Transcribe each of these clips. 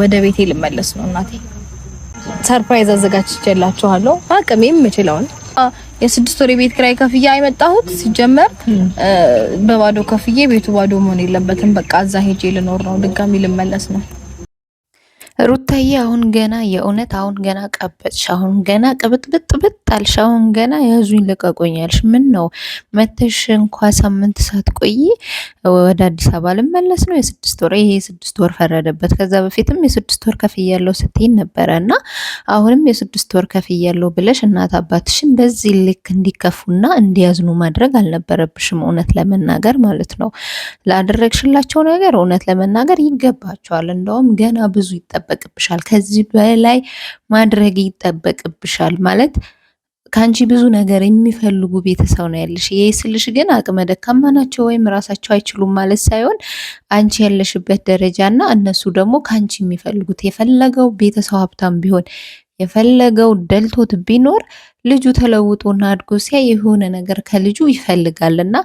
ወደ ቤቴ ልመለስ ነው እናቴ። ሰርፕራይዝ አዘጋጅቼላችኋለሁ አቅሜ የምችለውን የስድስት ወር ቤት ክራይ ከፍዬ አይመጣሁት። ሲጀመር በባዶ ከፍዬ ቤቱ ባዶ መሆን የለበትም። በቃ እዛ ሄጄ ልኖር ነው፣ ድጋሚ ልመለስ ነው። ሩታዬ አሁን ገና የእውነት አሁን ገና ቀበጥሽ፣ አሁን ገና ቅብጥብጥብጥ አልሽ፣ አሁን ገና ያዙኝ ልቀቆኛልሽ። ምን ነው መተሽ እንኳ ሳምንት ሳትቆይ ወደ አዲስ አበባ ልመለስ ነው የስድስት ወር ይሄ የስድስት ወር ፈረደበት። ከዛ በፊትም የስድስት ወር ከፍያለው ስትይን ነበረ እና አሁንም የስድስት ወር ከፍያለሁ ብለሽ እናት አባትሽን በዚህ ልክ እንዲከፉና እንዲያዝኑ ማድረግ አልነበረብሽም። እውነት ለመናገር ማለት ነው ላደረግሽላቸው ነገር እውነት ለመናገር ይገባቸዋል። እንደውም ገና ብዙ ይጠበቅብሻል። ከዚህ በላይ ማድረግ ይጠበቅብሻል ማለት ከአንቺ ብዙ ነገር የሚፈልጉ ቤተሰብ ነው ያለሽ። ይህ ስልሽ ግን አቅመ ደካማ ናቸው ወይም ራሳቸው አይችሉም ማለት ሳይሆን አንቺ ያለሽበት ደረጃ እና እነሱ ደግሞ ከአንቺ የሚፈልጉት የፈለገው ቤተሰብ ሀብታም ቢሆን የፈለገው ደልቶት ቢኖር ልጁ ተለውጦና አድጎ ሲያይ የሆነ ነገር ከልጁ ይፈልጋል እና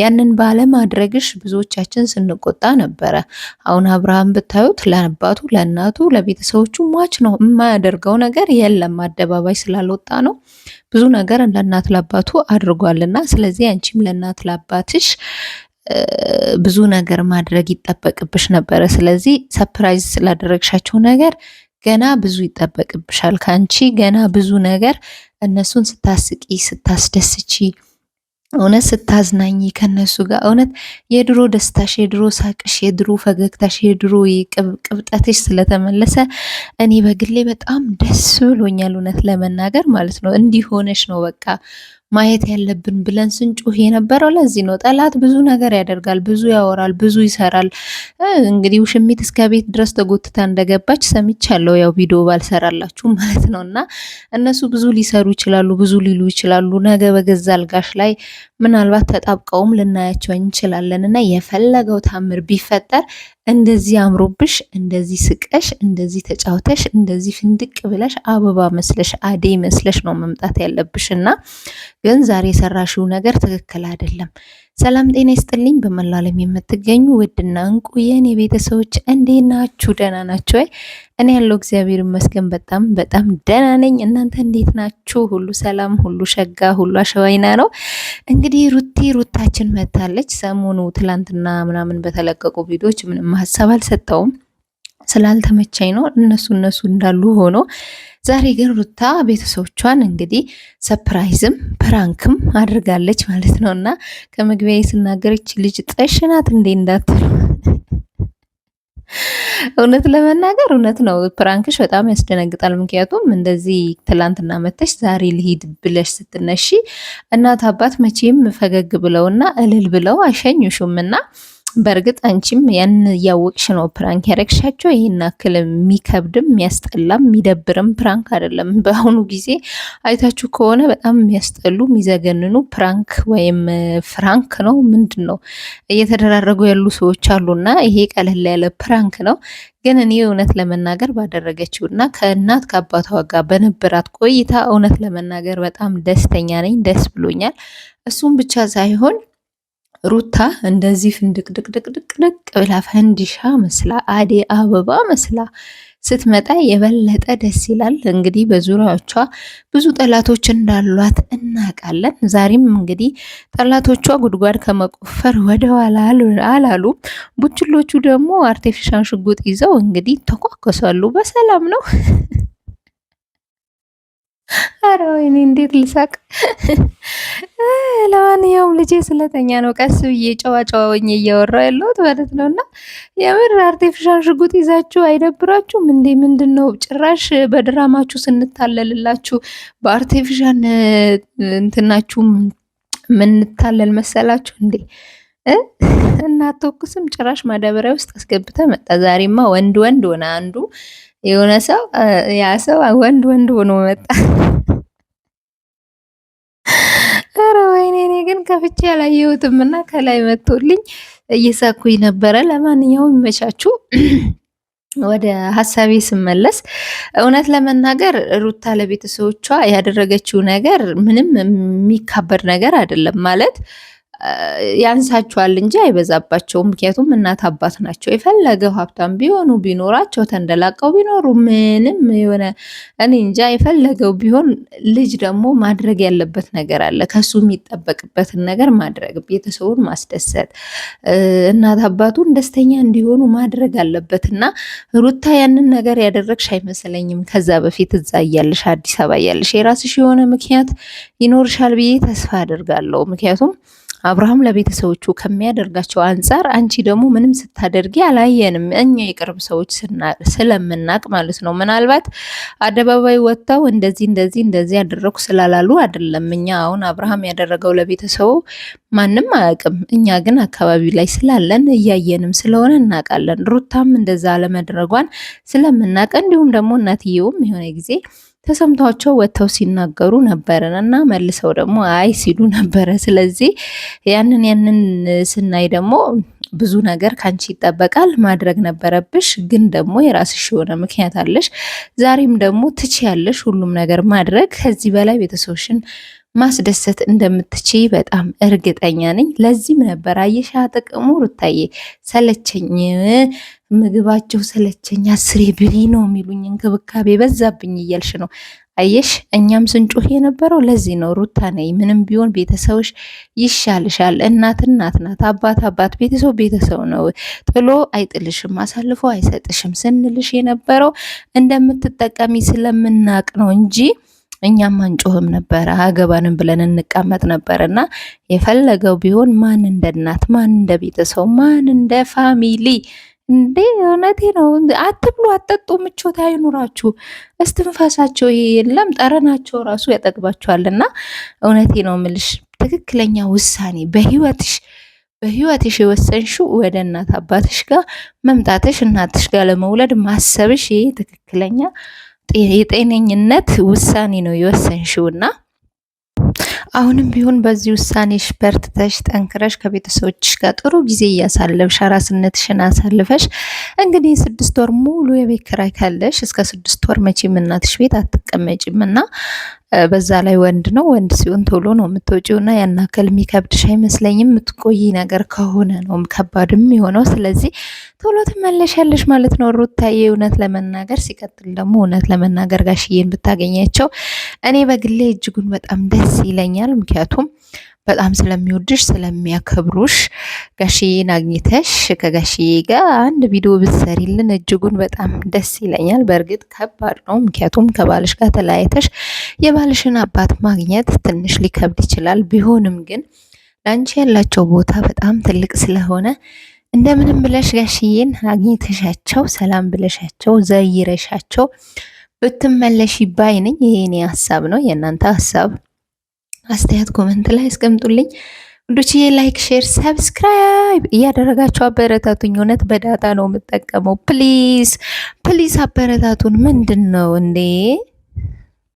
ያንን ባለማድረግሽ ብዙዎቻችን ስንቆጣ ነበረ። አሁን አብርሃም ብታዩት ለአባቱ ለእናቱ ለቤተሰቦቹ ሟች ነው። የማያደርገው ነገር የለም። አደባባይ ስላልወጣ ነው። ብዙ ነገር ለእናት ለአባቱ አድርጓልና ስለዚህ አንቺም ለእናት ለአባትሽ ብዙ ነገር ማድረግ ይጠበቅብሽ ነበረ። ስለዚህ ሰፕራይዝ ስላደረግሻቸው ነገር ገና ብዙ ይጠበቅብሻል ከአንቺ ገና ብዙ ነገር እነሱን ስታስቂ፣ ስታስደስቺ፣ እውነት ስታዝናኝ ከነሱ ጋር እውነት የድሮ ደስታሽ፣ የድሮ ሳቅሽ፣ የድሮ ፈገግታሽ፣ የድሮ ቅብጠትሽ ስለተመለሰ እኔ በግሌ በጣም ደስ ብሎኛል። እውነት ለመናገር ማለት ነው እንዲሆነሽ ነው በቃ ማየት ያለብን ብለን ስንጩህ የነበረው ለዚህ ነው። ጠላት ብዙ ነገር ያደርጋል፣ ብዙ ያወራል፣ ብዙ ይሰራል። እንግዲህ ውሽሚት እስከ ቤት ድረስ ተጎትታ እንደገባች ሰምቻለሁ። ያው ቪዲዮ ባልሰራላችሁ ማለት ነው። እና እነሱ ብዙ ሊሰሩ ይችላሉ፣ ብዙ ሊሉ ይችላሉ። ነገ በገዛ አልጋሽ ላይ ምናልባት ተጣብቀውም ልናያቸው እንችላለን። እና የፈለገው ታምር ቢፈጠር እንደዚህ አምሮብሽ እንደዚህ ስቀሽ እንደዚህ ተጫውተሽ እንደዚህ ፍንድቅ ብለሽ አበባ መስለሽ አደይ መስለሽ ነው መምጣት ያለብሽ እና ግን ዛሬ የሰራሽው ነገር ትክክል አይደለም። ሰላም ጤና ይስጥልኝ። በመላው ዓለም የምትገኙ ውድና እንቁ የኔ ቤተሰቦች እንዴት ናችሁ? ደህና ናችሁ ወይ? እኔ ያለው እግዚአብሔር ይመስገን በጣም በጣም ደህና ነኝ። እናንተ እንዴት ናችሁ? ሁሉ ሰላም፣ ሁሉ ሸጋ፣ ሁሉ አሸዋይና ነው። እንግዲህ ሩቲ ሩታችን መታለች። ሰሞኑ ትላንትና ምናምን በተለቀቁ ቪዲዮዎች ምንም ሀሳብ አልሰጠውም ስላልተመቻኝ ነው። እነሱ እነሱ እንዳሉ ሆኖ ዛሬ ግን ሩታ ቤተሰቦቿን እንግዲህ ሰፕራይዝም ፕራንክም አድርጋለች ማለት ነው። እና ከመግቢያ ስናገረች ልጅ ጠሽናት እንዴ እንዳትሉ እውነት ለመናገር እውነት ነው። ፕራንክሽ በጣም ያስደነግጣል። ምክንያቱም እንደዚህ ትላንትና መተሽ ዛሬ ልሂድ ብለሽ ስትነሺ እናት አባት መቼም ፈገግ ብለውና እልል ብለው አይሸኙሹም እና በእርግጥ አንቺም ያን እያወቅሽ ነው ፕራንክ ያደረግሻቸው። ይህን አክል የሚከብድም የሚያስጠላም የሚደብርም ፕራንክ አይደለም። በአሁኑ ጊዜ አይታችሁ ከሆነ በጣም የሚያስጠሉ የሚዘገንኑ ፕራንክ ወይም ፍራንክ ነው ምንድን ነው እየተደራረጉ ያሉ ሰዎች አሉና ይሄ ቀለል ያለ ፕራንክ ነው። ግን እኔ እውነት ለመናገር ባደረገችው እና ከእናት ከአባቷ ጋር በነበራት ቆይታ እውነት ለመናገር በጣም ደስተኛ ነኝ፣ ደስ ብሎኛል። እሱም ብቻ ሳይሆን ሩታ እንደዚህ ፍንድቅድቅድቅድቅ ብላ ፈንዲሻ መስላ አዴ አበባ መስላ ስትመጣ የበለጠ ደስ ይላል። እንግዲህ በዙሪያዎቿ ብዙ ጠላቶች እንዳሏት እናውቃለን። ዛሬም እንግዲህ ጠላቶቿ ጉድጓድ ከመቆፈር ወደኋላ አላሉ። ቡችሎቹ ደግሞ አርቴፊሻል ሽጉጥ ይዘው እንግዲህ ተኳከሳሉ። በሰላም ነው። አረ ወይኔ እንዴት ልሳቅ። ለማንኛውም ልጄ ስለተኛ ነው ቀስ ብዬ ጨዋ ጨዋ ሆኜ እያወራሁ ያለሁት ማለት ነው። እና የምር አርቴፊሻል ሽጉጥ ይዛችሁ አይደብራችሁም እንዴ? ምንድን ነው ጭራሽ በድራማችሁ ስንታለልላችሁ በአርቴፊሻል እንትናችሁ ምንታለል መሰላችሁ እንዴ? እና ጭራሽ ማዳበሪያ ውስጥ አስገብተ መጣ። ዛሬማ ወንድ ወንድ ሆነ አንዱ የሆነ ሰው ያ ሰው ወንድ ወንድ ሆኖ መጣ። ኧረ ወይኔ! እኔ ግን ከፍቼ ያላየሁትም እና ከላይ መጥቶልኝ እየሳኩኝ ነበረ። ለማንኛውም ይመቻችሁ። ወደ ሀሳቤ ስመለስ እውነት ለመናገር ሩታ ለቤተሰቦቿ ያደረገችው ነገር ምንም የሚካበድ ነገር አይደለም ማለት ያንሳቸዋል እንጂ አይበዛባቸውም። ምክንያቱም እናት አባት ናቸው። የፈለገው ሀብታም ቢሆኑ ቢኖራቸው ተንደላቀው ቢኖሩ ምንም የሆነ እኔ እንጃ የፈለገው ቢሆን ልጅ ደግሞ ማድረግ ያለበት ነገር አለ። ከሱ የሚጠበቅበትን ነገር ማድረግ፣ ቤተሰቡን ማስደሰት፣ እናት አባቱን ደስተኛ እንዲሆኑ ማድረግ አለበት እና ሩታ ያንን ነገር ያደረግሽ አይመስለኝም። ከዛ በፊት እዛ እያለሽ አዲስ አበባ እያለሽ የራስሽ የሆነ ምክንያት ይኖርሻል ብዬ ተስፋ አድርጋለሁ ምክንያቱም አብርሃም ለቤተሰቦቹ ከሚያደርጋቸው አንጻር አንቺ ደግሞ ምንም ስታደርጊ አላየንም እኛ የቅርብ ሰዎች ስለምናቅ ማለት ነው። ምናልባት አደባባይ ወጥተው እንደዚህ እንደዚህ እንደዚህ ያደረኩ ስላላሉ አይደለም። እኛ አሁን አብርሃም ያደረገው ለቤተሰቡ ማንም አያውቅም። እኛ ግን አካባቢ ላይ ስላለን እያየንም ስለሆነ እናውቃለን። ሩታም እንደዛ አለመድረጓን ስለምናውቅ እንዲሁም ደግሞ እናትየውም የሆነ ጊዜ ተሰምቷቸው ወጥተው ሲናገሩ ነበረን እና መልሰው ደግሞ አይ ሲሉ ነበረ። ስለዚህ ያንን ያንን ስናይ ደግሞ ብዙ ነገር ከአንቺ ይጠበቃል ማድረግ ነበረብሽ፣ ግን ደግሞ የራስሽ የሆነ ምክንያት አለሽ። ዛሬም ደግሞ ትች ያለሽ ሁሉም ነገር ማድረግ ከዚህ በላይ ቤተሰቦችን ማስደሰት እንደምትችይ በጣም እርግጠኛ ነኝ። ለዚህም ነበር አየሻ ጥቅሙ ሩታዬ፣ ሰለቸኝ ምግባቸው ሰለቸኛ አስሬ ብሌ ነው የሚሉኝ እንክብካቤ በዛብኝ እያልሽ ነው። አየሽ እኛም ስንጮህ የነበረው ለዚህ ነው። ሩታ ነይ ምንም ቢሆን ቤተሰብሽ ይሻልሻል። እናት እናት ናት፣ አባት አባት፣ ቤተሰብ ቤተሰብ ነው። ጥሎ አይጥልሽም፣ አሳልፎ አይሰጥሽም ስንልሽ የነበረው እንደምትጠቀሚ ስለምናቅ ነው እንጂ እኛም አንጮህም ነበረ፣ አገባንም ብለን እንቀመጥ ነበር እና የፈለገው ቢሆን ማን እንደ እናት ማን እንደ ቤተሰብ ማን እንደ ፋሚሊ እንዴ እውነቴ ነው። አትብሉ፣ አትጠጡ፣ ምቾት አይኑራችሁ። እስትንፋሳቸው ይሄ የለም ጠረናቸው ራሱ እና እውነቴ ነው ምልሽ ትክክለኛ ውሳኔ በህይወትሽ በህይወትሽ የወሰንሽው ወደ እናት አባትሽ ጋር መምጣትሽ እናትሽ ጋር ለመውለድ ማሰብሽ ይሄ ትክክለኛ የጤነኝነት ውሳኔ ነው እና አሁንም ቢሆን በዚህ ውሳኔሽ በርትተሽ ጠንክረሽ ከቤተሰቦችሽ ጋር ጥሩ ጊዜ እያሳለፍሽ አራስነትሽን አሳልፈሽ እንግዲህ ስድስት ወር ሙሉ የቤት ኪራይ ካለሽ እስከ ስድስት ወር መቼም እናትሽ ቤት አትቀመጭም እና በዛ ላይ ወንድ ነው። ወንድ ሲሆን ቶሎ ነው እና ያን ያክል የሚከብድሽ አይመስለኝም። የምትቆይ ነገር ከሆነ ነው ከባድም የሆነው። ስለዚህ ቶሎ ትመለሻለሽ ማለት ነው ሩታዬ። እውነት ለመናገር ሲቀጥል ደግሞ እውነት ለመናገር ጋሽዬን ብታገኛቸው እኔ በግሌ እጅጉን በጣም ደስ ይለኛል። ምክንያቱም በጣም ስለሚወድሽ ስለሚያከብሩሽ ጋሽዬን አግኝተሽ ከጋሽዬ ጋር አንድ ቪዲዮ ብትሰሪልን እጅጉን በጣም ደስ ይለኛል። በእርግጥ ከባድ ነው፣ ምክንያቱም ከባልሽ ጋር ተለያይተሽ የባልሽን አባት ማግኘት ትንሽ ሊከብድ ይችላል። ቢሆንም ግን ለአንቺ ያላቸው ቦታ በጣም ትልቅ ስለሆነ እንደምንም ብለሽ ጋሽዬን አግኝተሻቸው ሰላም ብለሻቸው ዘይረሻቸው ብትመለሽ ባይ ነኝ። ይሄ የኔ ሀሳብ ነው። የእናንተ ሀሳብ አስተያየት ኮመንት ላይ አስቀምጡልኝ። ወንዶችዬ ላይክ፣ ሼር፣ ሰብስክራይብ እያደረጋችሁ አበረታቱኝ። እውነት በዳታ ነው የምጠቀመው። ፕሊዝ ፕሊዝ አበረታቱን። ምንድን ነው እንዴ?